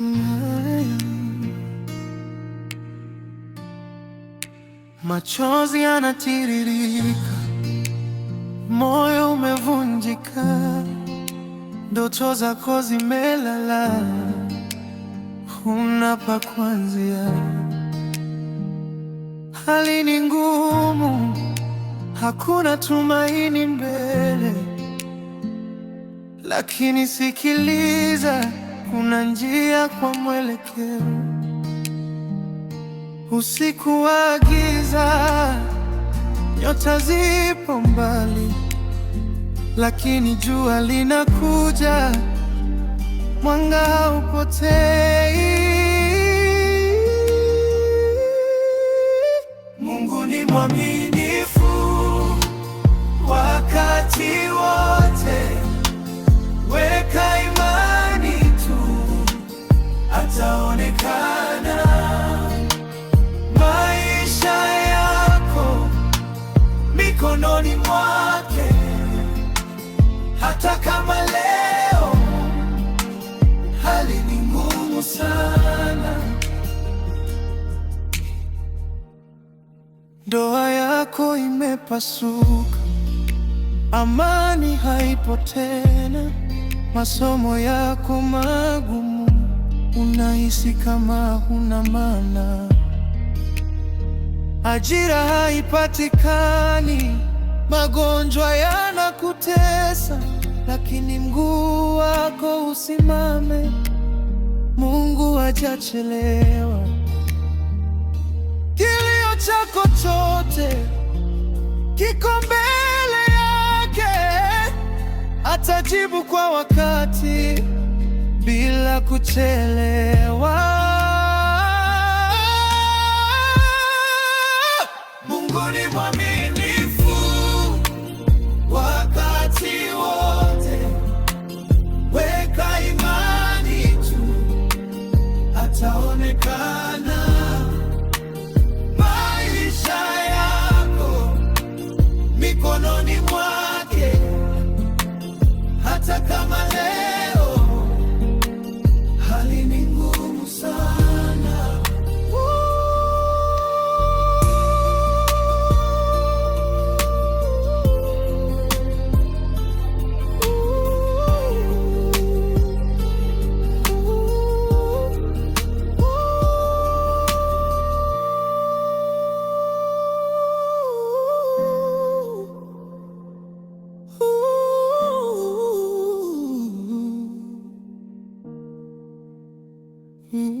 Mm-hmm. Machozi yanatiririka, moyo umevunjika, ndoto zako zimelala, huna pa kuanzia. Hali ni ngumu, hakuna tumaini mbele, lakini sikiliza kuna njia kwa mwelekeo. Usiku wa giza, nyota zipo mbali, lakini jua linakuja, mwanga haupotei. Mungu ni mwaminifu wakati mikononi mwake, hata kama leo hali ni ngumu sana. Ndoa yako imepasuka, amani haipo tena, masomo yako magumu, unahisi kama huna maana ajira haipatikani, magonjwa yanakutesa, lakini mguu wako usimame. Mungu hajachelewa. Kilio chako chote kiko mbele yake, atajibu kwa wakati bila kuchelewa. sana maisha yako mikononi mwake hata Mm.